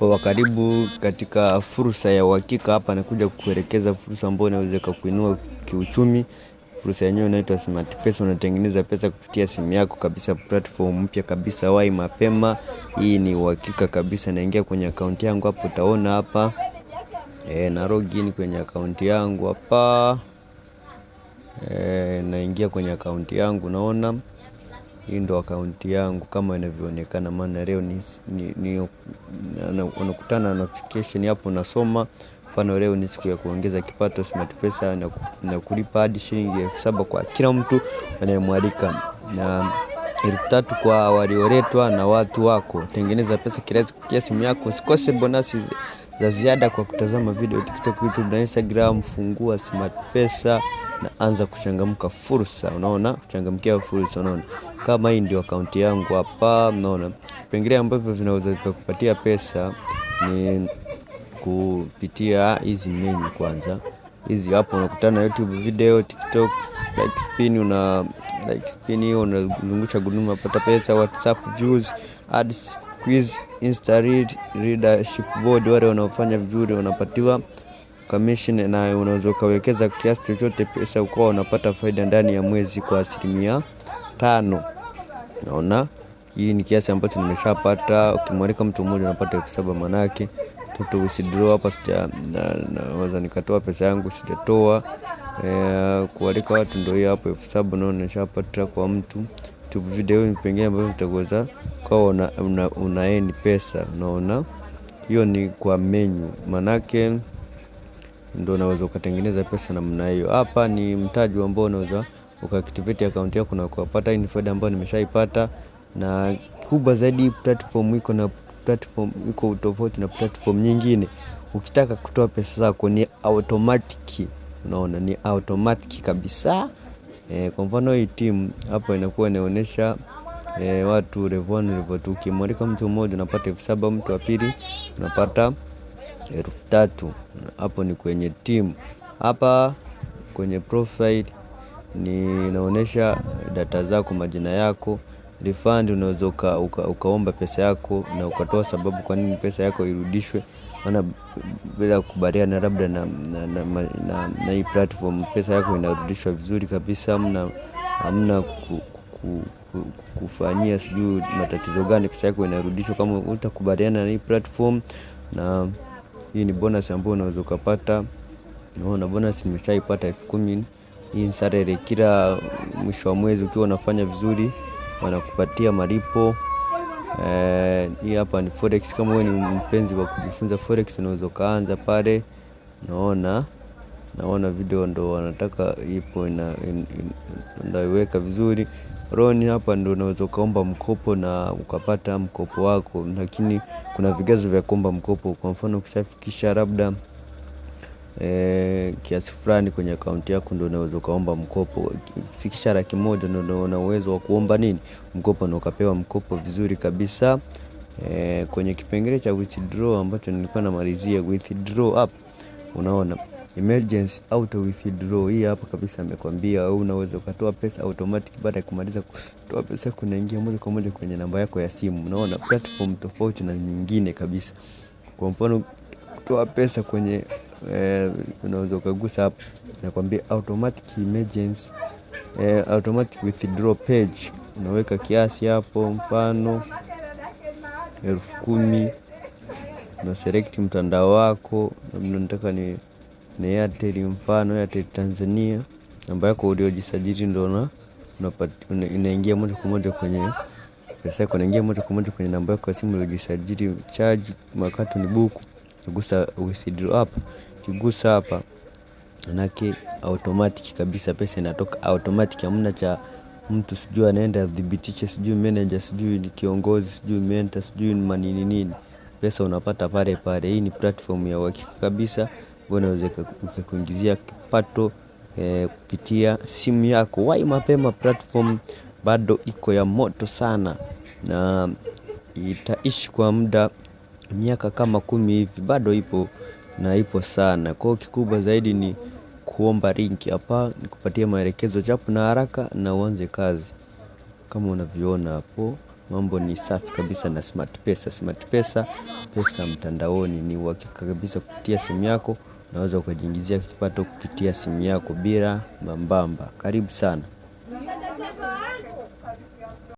wa karibu katika fursa ya uhakika. Hapa nakuja kukuelekeza fursa ambayo inaweza kukuinua kiuchumi. Fursa yenyewe inaitwa Smart Pesa, unatengeneza pesa kupitia simu yako kabisa, platform mpya kabisa, wai mapema. Hii ni uhakika kabisa. Naingia kwenye akaunti yangu hapo, utaona hapa e, na login kwenye akaunti yangu hapa e, naingia kwenye akaunti yangu naona hii ndo akaunti yangu kama inavyoonekana, maana leo ni, ni, ni, unakutana na notification hapo, unasoma mfano leo ni siku ya kuongeza kipato Smart Pesa na, na kulipa hadi shilingi elfu saba kwa kila mtu anayemwalika na elfu tatu kwa walioletwa na watu wako. Tengeneza pesa kiasi kupitia simu yako, usikose bonasi za ziada kwa kutazama video TikTok, YouTube na Instagram. Fungua smart pesa na anza kuchangamka fursa. Unaona, kuchangamkia fursa. Unaona, kama hii ndio akaunti yangu hapa. Unaona vipengele ambavyo vinaweza kukupatia pesa ni kupitia hizi menu. Kwanza hizi hapo, unakutana YouTube video, TikTok like spin, una like spin hiyo, unazungusha gunuma, pata pesa, WhatsApp views, ads quiz insta read leadership board wale wanaofanya vizuri wanapatiwa commission na unaweza ukawekeza kiasi chochote pesa ukawa unapata faida ndani ya mwezi kwa asilimia tano naona hii ni kiasi ambacho nimeshapata ukimwalika mtu mmoja unapata elfu saba manake toto usidro hapa naweza nikatoa pesa yangu sijatoa e, eh, kualika watu ndio hiyo hapo elfu saba nao kwa mtu YouTube video pengine ambavyo vitakuweza kwa una, una, unaeni pesa unaona, hiyo ni kwa menu, manake ndo unaweza ukatengeneza pesa namna hiyo. Hapa ni mtaji ambao unaweza ukaactivate account yako na kupata ni faida ambayo nimeshaipata, na kubwa zaidi platform iko na platform iko tofauti na platform nyingine. Ukitaka kutoa pesa zako ni automatic, unaona, ni automatic kabisa. E, kwa mfano hii timu hapo inakuwa inaonyesha e, eh, watu level 1 level Ukimwalika mtu mmoja unapata elfu saba mtu wa pili unapata elfu tatu Hapo ni kwenye timu. Hapa kwenye profile ni inaonyesha data zako, majina yako refund unaweza uka, uka, ukaomba pesa yako na ukatoa sababu kwa nini pesa yako irudishwe maana bila kubaliana labda na, na, na, na, na, na hii platform pesa yako inarudishwa vizuri kabisa amna, amna ku, ku, ku, kufanyia sijui matatizo gani pesa yako inarudishwa kama utakubaliana na hii platform na hii ni bonus ambayo unaweza ukapata naona bonus nimeshaipata elfu kumi hii salary kila mwisho wa mwezi ukiwa unafanya vizuri wanakupatia malipo hii. Eh, hii hapa ni forex. Kama wewe ni mpenzi wa kujifunza forex, unaweza ukaanza pale. Naona naona video ndo wanataka ipo ndaiweka vizuri Roni hapa ndo unaweza ukaomba mkopo na ukapata mkopo wako, lakini kuna vigezo vya kuomba mkopo. Kwa mfano, ukishafikisha labda e, kiasi fulani kwenye akaunti yako ndio unaweza ukaomba mkopo. Fikisha laki moja ndio una uwezo wa kuomba nini mkopo, na ukapewa mkopo vizuri kabisa. E, kwenye kipengele cha withdraw ambacho nilikuwa namalizia withdraw app, unaona emergency auto withdraw hii hapa kabisa, amekwambia wewe unaweza ukatoa pesa automatic. Baada ya kumaliza kutoa pesa, kunaingia moja kwa moja kwenye namba yako ya simu. Unaona platform tofauti na nyingine kabisa, kwa mfano kutoa pesa kwenye eh, unaweza ukagusa hapo nakwambia automatic emergency eh, automatic withdraw page. Unaweka kiasi hapo, mfano elfu kumi na select mtandao wako, labda nataka ni ni Airtel, mfano Airtel Tanzania, namba yako uliojisajili ndio na inaingia moja kwa moja kwenye pesa yako inaingia moja kwa moja kwenye namba yako ya simu uliojisajili. Charge makato ni buku, nagusa withdraw hapa ukigusa hapa manake automatic kabisa pesa inatoka automatic amna cha mtu sijui anaenda athibitishe sijui manager sijui ni kiongozi sijui mentor sijui manini nini pesa unapata pale pale hii ni platform ya uhakika kabisa unaweza ukakuingizia kipato eh, kupitia simu yako wai mapema platform bado iko ya moto sana na itaishi kwa muda miaka kama kumi hivi bado ipo na ipo sana. Kwa hiyo kikubwa zaidi ni kuomba linki hapa, nikupatie maelekezo japo na haraka, na uanze kazi. Kama unavyoona hapo, mambo ni safi kabisa na Smart Pesa. Smart Pesa, pesa mtandaoni, ni uhakika kabisa. Kupitia simu yako unaweza ukajiingizia kipato kupitia simu yako bila mambamba. Karibu sana.